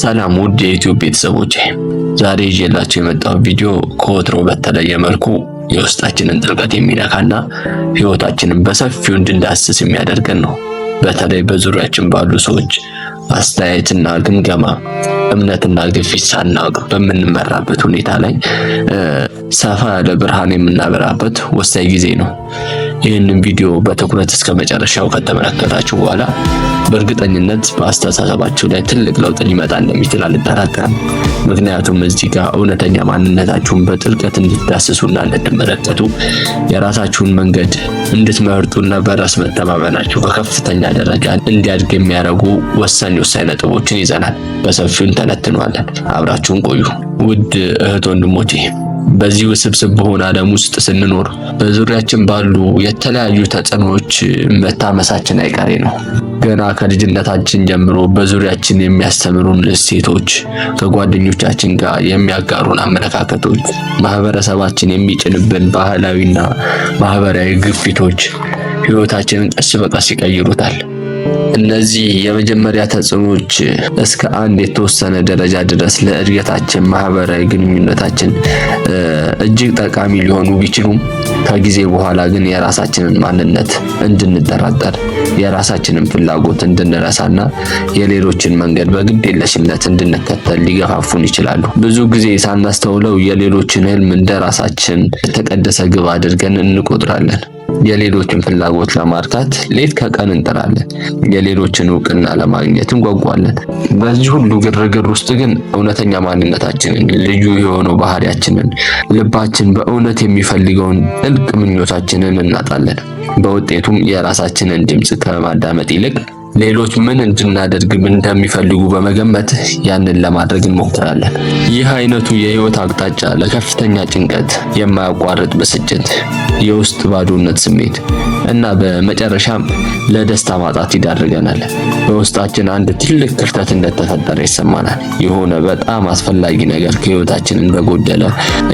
ሰላም ውድ የዩቲዩብ ቤተሰቦች፣ ዛሬ ይዤላችሁ የመጣው ቪዲዮ ከወትሮ በተለየ መልኩ የውስጣችንን ጥልቀት የሚነካና ህይወታችንን በሰፊው እንድንዳስስ የሚያደርገን ነው። በተለይ በዙሪያችን ባሉ ሰዎች አስተያየትና ግምገማ፣ እምነትና ግፊት ሳናውቅ በምንመራበት ሁኔታ ላይ ሰፋ ያለ ብርሃን የምናበራበት ወሳኝ ጊዜ ነው። ይህንን ቪዲዮ በትኩረት እስከ መጨረሻው ከተመለከታችሁ በኋላ በእርግጠኝነት በአስተሳሰባችሁ ላይ ትልቅ ለውጥ ሊመጣ እንደሚችል አልጠራጠርም። ምክንያቱም እዚህ ጋር እውነተኛ ማንነታችሁን በጥልቀት እንድትዳስሱና እንድትመለከቱ የራሳችሁን መንገድ እንድትመርጡና በራስ መተማመናችሁ በከፍተኛ ደረጃ እንዲያድግ የሚያደርጉ ወሳኝ ወሳኝ ነጥቦችን ይዘናል። በሰፊው እንተነትነዋለን። አብራችሁን ቆዩ። ውድ እህት ወንድሞቼ በዚህ ውስብስብ በሆነ ዓለም ውስጥ ስንኖር በዙሪያችን ባሉ የተለያዩ ተጽዕኖዎች መታመሳችን አይቀሬ ነው። ገና ከልጅነታችን ጀምሮ በዙሪያችን የሚያስተምሩን እሴቶች፣ ከጓደኞቻችን ጋር የሚያጋሩን አመለካከቶች፣ ማህበረሰባችን የሚጭንብን ባህላዊና ማህበራዊ ግፊቶች ህይወታችንን ቀስ በቀስ ይቀይሩታል። እነዚህ የመጀመሪያ ተጽዕኖዎች እስከ አንድ የተወሰነ ደረጃ ድረስ ለእድገታችን ማህበራዊ ግንኙነታችን እጅግ ጠቃሚ ሊሆኑ ቢችሉም ከጊዜ በኋላ ግን የራሳችንን ማንነት እንድንጠራጠር የራሳችንን ፍላጎት እንድንረሳና የሌሎችን መንገድ በግድ የለሽነት እንድንከተል ሊገፋፉን ይችላሉ። ብዙ ጊዜ ሳናስተውለው የሌሎችን ህልም እንደ ራሳችን የተቀደሰ ግብ አድርገን እንቆጥራለን። የሌሎችን ፍላጎት ለማርካት ሌት ከቀን እንጥራለን። የሌሎችን እውቅና ለማግኘት እንጓጓለን። በዚህ ሁሉ ግርግር ውስጥ ግን እውነተኛ ማንነታችንን፣ ልዩ የሆነው ባህሪያችንን፣ ልባችን በእውነት የሚፈልገውን ጥልቅ ምኞታችንን እናጣለን። በውጤቱም የራሳችንን ድምፅ ከማዳመጥ ይልቅ ሌሎች ምን እንድናደርግ እንደሚፈልጉ በመገመት ያንን ለማድረግ እንሞክራለን። ይህ አይነቱ የህይወት አቅጣጫ ለከፍተኛ ጭንቀት፣ የማያቋርጥ ብስጭት፣ የውስጥ ባዶነት ስሜት እና በመጨረሻም ለደስታ ማጣት ይዳርገናል። በውስጣችን አንድ ትልቅ ክፍተት እንደተፈጠረ ይሰማናል። የሆነ በጣም አስፈላጊ ነገር ከህይወታችን እንደጎደለ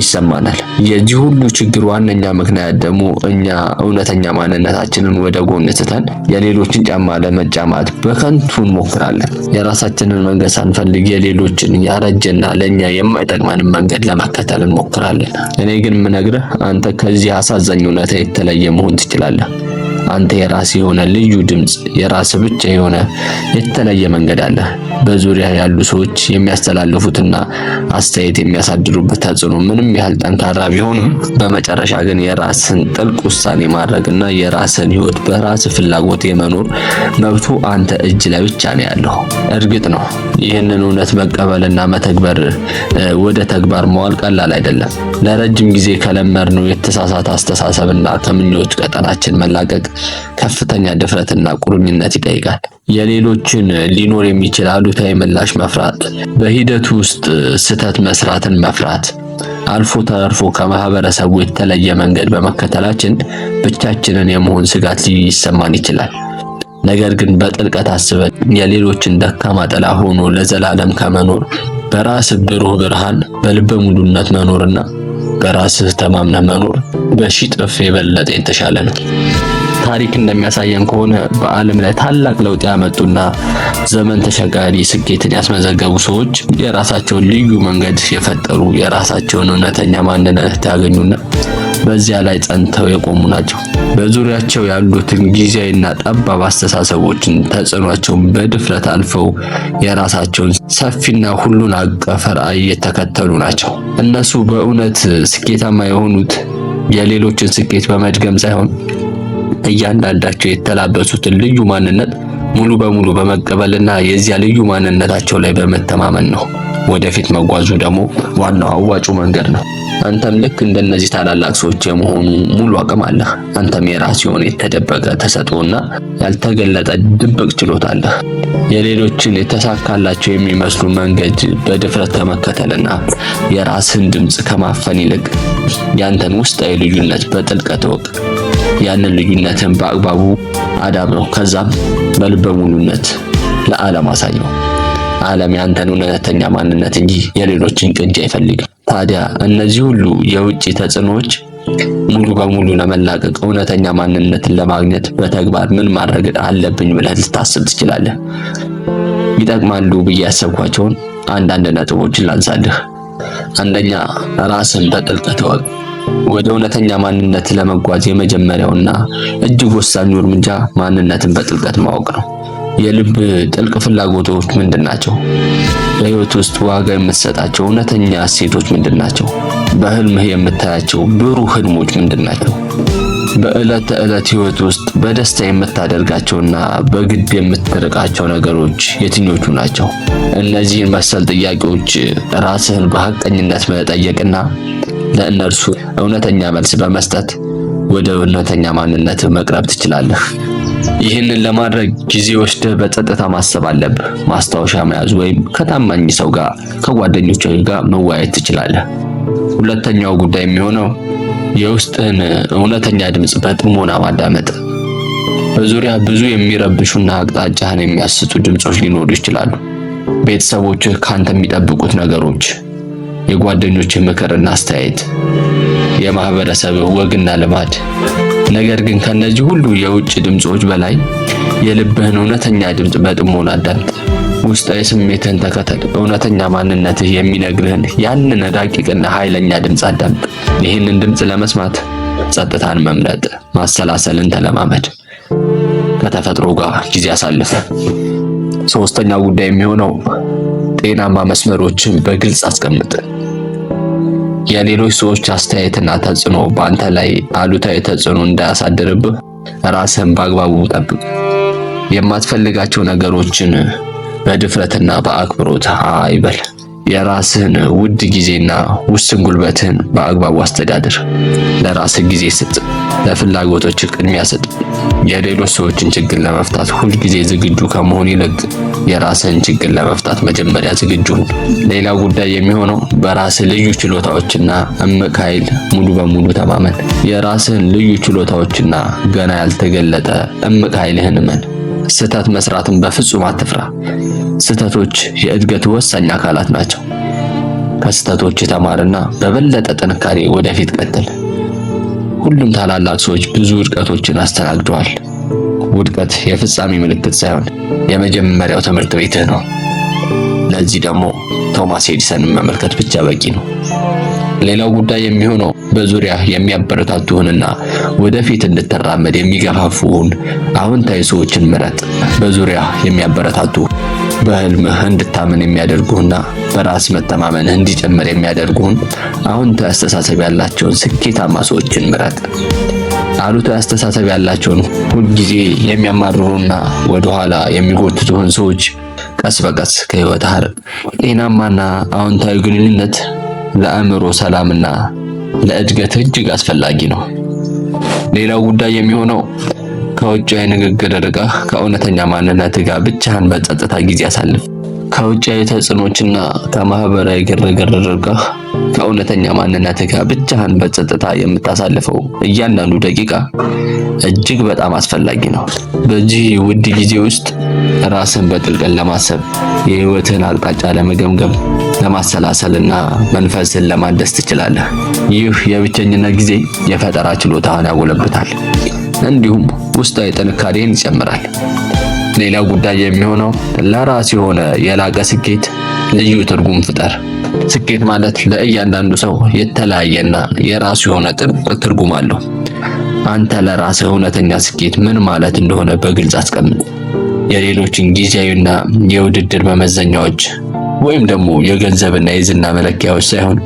ይሰማናል። የዚህ ሁሉ ችግር ዋነኛ ምክንያት ደግሞ እኛ እውነተኛ ማንነታችንን ወደ ጎን ትተን የሌሎችን ጫማ ለመጫማት በከንቱ እንሞክራለን። የራሳችንን መንገድ ሳንፈልግ የሌሎችን ያረጀና ለእኛ የማይጠቅመንን መንገድ ለመከተል እንሞክራለን። እኔ ግን ምነግርህ አንተ ከዚህ አሳዛኝ እውነታ የተለየ መሆን ትችላለህ። አንተ የራስ የሆነ ልዩ ድምፅ፣ የራስ ብቻ የሆነ የተለየ መንገድ አለ። በዙሪያ ያሉ ሰዎች የሚያስተላልፉትና አስተያየት የሚያሳድሩበት ተጽዕኖ ምንም ያህል ጠንካራ ቢሆንም በመጨረሻ ግን የራስን ጥልቅ ውሳኔ ማድረግና የራስን ህይወት በራስ ፍላጎት የመኖር መብቱ አንተ እጅ ላይ ብቻ ነው ያለው። እርግጥ ነው ይህንን እውነት መቀበልና መተግበር ወደ ተግባር መዋል ቀላል አይደለም። ለረጅም ጊዜ ከለመድነው የተሳሳተ አስተሳሰብና ከምኞት ቀጠናችን መላቀቅ ከፍተኛ ድፍረትና ቁርኝነት ይጠይቃል። የሌሎችን ሊኖር የሚችል አሉታዊ ምላሽ መፍራት፣ በሂደቱ ውስጥ ስህተት መስራትን መፍራት፣ አልፎ ተርፎ ከማህበረሰቡ የተለየ መንገድ በመከተላችን ብቻችንን የመሆን ስጋት ሊሰማን ይችላል። ነገር ግን በጥልቀት አስበን የሌሎችን ደካማ ጥላ ሆኖ ለዘላለም ከመኖር በራስ ብሩህ ብርሃን በልበ ሙሉነት መኖርና በራስህ ተማምነህ መኖር በሺ ጥፍ የበለጠ የተሻለ ነው። ታሪክ እንደሚያሳየን ከሆነ በዓለም ላይ ታላቅ ለውጥ ያመጡና ዘመን ተሻጋሪ ስኬትን ያስመዘገቡ ሰዎች የራሳቸውን ልዩ መንገድ የፈጠሩ የራሳቸውን እውነተኛ ማንነት ያገኙና በዚያ ላይ ጸንተው የቆሙ ናቸው። በዙሪያቸው ያሉትን ጊዜያዊና ጠባብ አስተሳሰቦችን፣ ተጽዕኖቸውን በድፍረት አልፈው የራሳቸውን ሰፊና ሁሉን አቀፍ ራዕይ ናቸው። እነሱ በእውነት ስኬታማ የሆኑት የሌሎችን ስኬት በመድገም ሳይሆን እያንዳንዳቸው የተላበሱትን ልዩ ማንነት ሙሉ በሙሉ በመቀበልና የዚያ ልዩ ማንነታቸው ላይ በመተማመን ነው። ወደፊት መጓዙ ደግሞ ዋናው አዋጩ መንገድ ነው። አንተም ልክ እንደነዚህ ታላላቅ ሰዎች የመሆኑ ሙሉ አቅም አለህ። አንተም የራስ የሆነ የተደበቀ ተሰጥኦና ያልተገለጠ ድብቅ ችሎታ አለህ። የሌሎችን የተሳካላቸው የሚመስሉ መንገድ በድፍረት ከመከተልና የራስን ድምፅ ከማፈን ይልቅ ያንተን ውስጣዊ ልዩነት በጥልቀት እወቅ። ያንን ልዩነትን በአግባቡ አዳብረው፣ ከዛም በልበ ሙሉነት ለዓለም አሳየው። ዓለም ያንተን እውነተኛ ማንነት እንጂ የሌሎችን ቅጂ አይፈልግም። ታዲያ እነዚህ ሁሉ የውጭ ተጽዕኖዎች ሙሉ በሙሉ ለመላቀቅ እውነተኛ ማንነትን ለማግኘት በተግባር ምን ማድረግ አለብኝ ብለህ ልታስብ ትችላለህ። ይጠቅማሉ ብዬ ያሰብኳቸውን አንዳንድ ነጥቦችን ላንሳልህ። አንደኛ፣ ራስን በጥልቀት እወቅ። ወደ እውነተኛ ማንነት ለመጓዝ የመጀመሪያውና እጅግ ወሳኙ እርምጃ ማንነትን በጥልቀት ማወቅ ነው። የልብ ጥልቅ ፍላጎቶች ምንድን ናቸው? በህይወት ውስጥ ዋጋ የምትሰጣቸው እውነተኛ እሴቶች ምንድን ናቸው? በህልምህ የምታያቸው ብሩህ ህልሞች ምንድን ናቸው? በዕለት ተዕለት ህይወት ውስጥ በደስታ የምታደርጋቸውና በግድ የምትርቃቸው ነገሮች የትኞቹ ናቸው? እነዚህን መሰል ጥያቄዎች ራስህን በሐቀኝነት መጠየቅና ለእነርሱ እውነተኛ መልስ በመስጠት ወደ እውነተኛ ማንነትህ መቅረብ ትችላለህ። ይህንን ለማድረግ ጊዜ ወስደህ በጸጥታ ማሰብ አለብህ። ማስታወሻ መያዝ ወይም ከታማኝ ሰው ጋር ከጓደኞች ጋር መወያየት ትችላለህ። ሁለተኛው ጉዳይ የሚሆነው የውስጥህን እውነተኛ ድምፅ በጥሞና ማዳመጥ። በዙሪያ ብዙ የሚረብሹና አቅጣጫህን የሚያስቱ ድምፆች ሊኖሩ ይችላሉ። ቤተሰቦችህ ካንተ የሚጠብቁት ነገሮች፣ የጓደኞችህ ምክርና አስተያየት፣ የማህበረሰብህ ወግና ልማድ ነገር ግን ከነዚህ ሁሉ የውጭ ድምጾች በላይ የልብህን እውነተኛ ድምፅ በጥሞና አዳምጥ። ውስጣዊ ስሜትህን ተከተል። እውነተኛ ማንነትህ የሚነግርህን ያንን ረቂቅና ኃይለኛ ድምፅ አዳምጥ። ይህንን ድምፅ ለመስማት ጸጥታን መምረጥ፣ ማሰላሰልን ተለማመድ። ከተፈጥሮ ጋር ጊዜ አሳልፍ። ሶስተኛው ጉዳይ የሚሆነው ጤናማ መስመሮችን በግልጽ አስቀምጥ። የሌሎች ሰዎች አስተያየትና ተጽዕኖ በአንተ ላይ አሉታዊ ተጽዕኖ እንዳያሳድርብህ ራስህን በአግባቡ ጠብቅ። የማትፈልጋቸው ነገሮችን በድፍረትና በአክብሮት አይበል። የራስህን ውድ ጊዜና ውስን ጉልበትህን በአግባቡ አስተዳድር። ለራስህ ጊዜ ስጥ። ለፍላጎቶችህ ቅድሚያ ስጥ። የሌሎች ሰዎችን ችግር ለመፍታት ሁልጊዜ ዝግጁ ከመሆን ይልቅ የራስህን ችግር ለመፍታት መጀመሪያ ዝግጁ ሁን። ሌላው ጉዳይ የሚሆነው በራስህ ልዩ ችሎታዎችና እምቅ ኃይል ሙሉ በሙሉ ተማመን። የራስህን ልዩ ችሎታዎችና ገና ያልተገለጠ እምቅ ኃይልህን እመን። ስህተት መስራትን በፍጹም አትፍራ። ስህተቶች የእድገት ወሳኝ አካላት ናቸው። ከስህተቶች ተማርና በበለጠ ጥንካሬ ወደፊት ቀጥል። ሁሉም ታላላቅ ሰዎች ብዙ ውድቀቶችን አስተናግደዋል። ውድቀት የፍጻሜ ምልክት ሳይሆን የመጀመሪያው ትምህርት ቤትህ ነው። ለዚህ ደግሞ ቶማስ ኤዲሰንን መመልከት ብቻ በቂ ነው። ሌላው ጉዳይ የሚሆነው በዙሪያ የሚያበረታቱህንና ወደፊት እንድትራመድ የሚገፋፉህን አዎንታዊ ሰዎችን ምረጥ። በዙሪያ የሚያበረታቱ በህልምህ እንድታምን የሚያደርጉህና በራስ መተማመን እንዲጨምር የሚያደርጉህን አዎንታዊ አስተሳሰብ ያላቸውን ስኬታማ ሰዎችን ምረጥ። አሉታዊ አስተሳሰብ ያላቸውን ሁልጊዜ የሚያማርሩና ወደኋላ የሚጎትቱህን ሰዎች ቀስ በቀስ ከህይወት ሀር ጤናማና አዎንታዊ ግንኙነት ለአእምሮ ሰላምና ለእድገት እጅግ አስፈላጊ ነው። ሌላው ጉዳይ የሚሆነው ከውጫዊ ንግግር ርቀህ ከእውነተኛ ማንነት ጋር ብቻህን በጸጥታ ጊዜ አሳልፍ። ከውጫዊ ተጽዕኖችና ከማህበራዊ ግርግር ርቀህ ከእውነተኛ ማንነት ጋር ብቻህን በጸጥታ የምታሳልፈው እያንዳንዱ ደቂቃ እጅግ በጣም አስፈላጊ ነው። በዚህ ውድ ጊዜ ውስጥ ራስን በጥልቅን ለማሰብ የህይወትን አቅጣጫ ለመገምገም፣ ለማሰላሰልና መንፈስን ለማደስ ትችላለህ። ይህ የብቸኝነት ጊዜ የፈጠራ ችሎታን ያጎለብታል፣ እንዲሁም ውስጣዊ ጥንካሬን ይጨምራል። ሌላው ጉዳይ የሚሆነው ለራስ የሆነ የላቀ ስኬት ልዩ ትርጉም ፍጠር። ስኬት ማለት ለእያንዳንዱ ሰው የተለያየና የራሱ የሆነ ጥብቅ ትርጉም አለው። አንተ ለራስህ እውነተኛ ስኬት ምን ማለት እንደሆነ በግልጽ አስቀምጥ። የሌሎችን ጊዜያዊና የውድድር መመዘኛዎች ወይም ደግሞ የገንዘብና የዝና መለኪያዎች ሳይሆን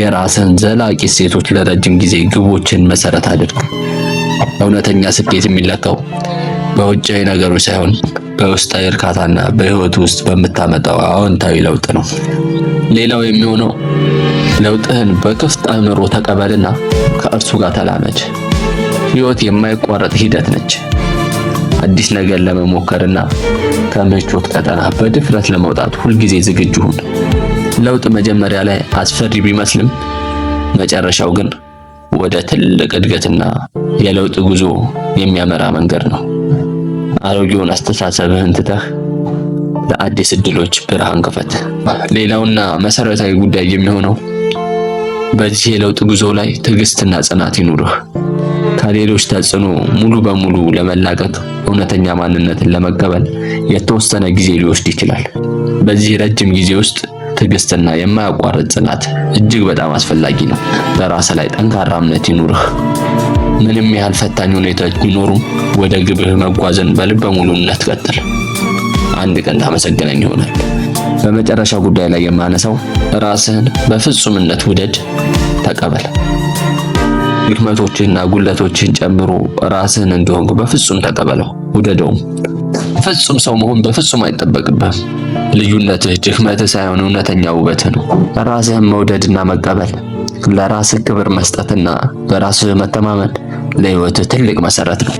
የራስን ዘላቂ እሴቶች፣ ለረጅም ጊዜ ግቦችን መሰረት አድርግ። እውነተኛ ስኬት የሚለካው በውጫዊ ነገሮች ሳይሆን በውስጣዊ እርካታና በህይወት ውስጥ በምታመጣው አዎንታዊ ለውጥ ነው። ሌላው የሚሆነው ለውጥህን በክፍት አእምሮ ተቀበልና ከእርሱ ጋር ተላመድ። ህይወት የማይቋረጥ ሂደት ነች። አዲስ ነገር ለመሞከርና ከምቾት ቀጠና በድፍረት ለመውጣት ሁልጊዜ ዝግጁ ሁን። ለውጥ መጀመሪያ ላይ አስፈሪ ቢመስልም መጨረሻው ግን ወደ ትልቅ እድገትና የለውጥ ጉዞ የሚያመራ መንገድ ነው። አሮጌውን አስተሳሰብህን ትተህ ለአዲስ እድሎች ብርሃን ክፈት። ሌላውና መሰረታዊ ጉዳይ የሚሆነው በዚህ የለውጥ ጉዞ ላይ ትዕግስትና ጽናት ይኑርህ። ከሌሎች ተጽዕኖ ሙሉ በሙሉ ለመላቀቅ እውነተኛ ማንነትን ለመቀበል የተወሰነ ጊዜ ሊወስድ ይችላል። በዚህ ረጅም ጊዜ ውስጥ ትዕግስትና የማያቋርጥ ጽናት እጅግ በጣም አስፈላጊ ነው። በራስ ላይ ጠንካራ እምነት ይኑርህ። ምንም ያህል ፈታኝ ሁኔታዎች ቢኖሩም ወደ ግብህ መጓዝን በልበ ሙሉነት ቀጥል። አንድ ቀን ታመሰግነኝ ይሆናል። በመጨረሻ ጉዳይ ላይ የማነሳው ራስህን በፍጹምነት ውደድ፣ ተቀበል። ድክመቶችህና ጉለቶችህን ጨምሮ ራስህን እንደሆንክ በፍጹም ተቀበለው፣ ውደደውም። ፍጹም ሰው መሆን በፍጹም አይጠበቅብህም። ልዩነትህ ድክመትህ ሳይሆን እውነተኛ ውበትህ ነው። ራስህን መውደድና መቀበል ለራስ ክብር መስጠትና በራስ መተማመን ለህይወት ትልቅ መሰረት ነው።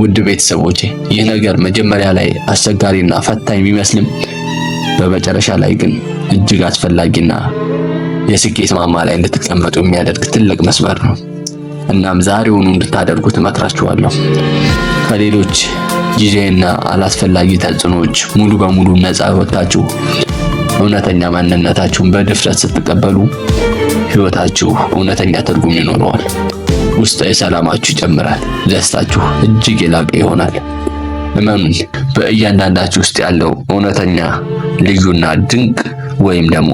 ውድ ቤተሰቦቼ ይህ ነገር መጀመሪያ ላይ አስቸጋሪና ፈታኝ ቢመስልም በመጨረሻ ላይ ግን እጅግ አስፈላጊና የስኬት ማማ ላይ እንድትቀመጡ የሚያደርግ ትልቅ መስመር ነው። እናም ዛሬውኑ እንድታደርጉት እመክራችኋለሁ። ከሌሎች ጊዜና አላስፈላጊ ተጽዕኖዎች ሙሉ በሙሉ ነፃ ወጥታችሁ እውነተኛ ማንነታችሁን በድፍረት ስትቀበሉ ህይወታችሁ እውነተኛ ትርጉም ይኖረዋል። ውስጣዊ ሰላማችሁ ይጨምራል። ደስታችሁ እጅግ የላቀ ይሆናል። እመኑን፣ በእያንዳንዳችሁ ውስጥ ያለው እውነተኛ ልዩና ድንቅ ወይም ደግሞ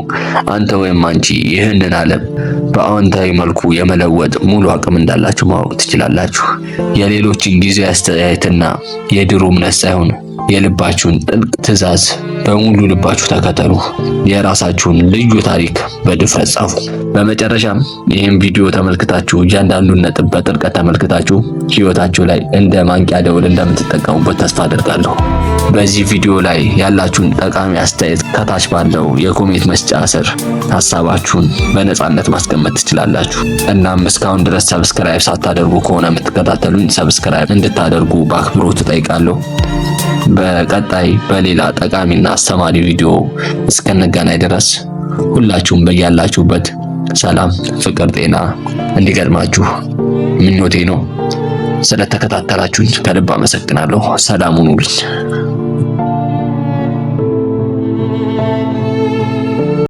አንተ ወይም አንቺ ይህንን ዓለም በአዎንታዊ መልኩ የመለወጥ ሙሉ አቅም እንዳላችሁ ማወቅ ትችላላችሁ። የሌሎችን ጊዜ አስተያየትና የድሮ እምነት ሳይሆን የልባችሁን ጥልቅ ትዕዛዝ በሙሉ ልባችሁ ተከተሉ። የራሳችሁን ልዩ ታሪክ በድፍረት ጻፉ። በመጨረሻም ይህን ቪዲዮ ተመልክታችሁ እያንዳንዱን ነጥብ በጥልቀት ተመልክታችሁ ህይወታችሁ ላይ እንደ ማንቂያ ደውል እንደምትጠቀሙበት ተስፋ አድርጋለሁ። በዚህ ቪዲዮ ላይ ያላችሁን ጠቃሚ አስተያየት ከታች ባለው የኮሜንት መስጫ ስር ሀሳባችሁን በነጻነት ማስቀመጥ ትችላላችሁ። እናም እስካሁን ድረስ ሰብስክራይብ ሳታደርጉ ከሆነ የምትከታተሉኝ ሰብስክራይብ እንድታደርጉ በአክብሮት እጠይቃለሁ። በቀጣይ በሌላ ጠቃሚና አስተማሪ ቪዲዮ እስከነጋና ድረስ ሁላችሁም በያላችሁበት ሰላም፣ ፍቅር፣ ጤና እንዲገጥማችሁ ምኞቴ ነው። ስለተከታተላችሁኝ ከልብ አመሰግናለሁ። ሰላሙን ሁኑልኝ።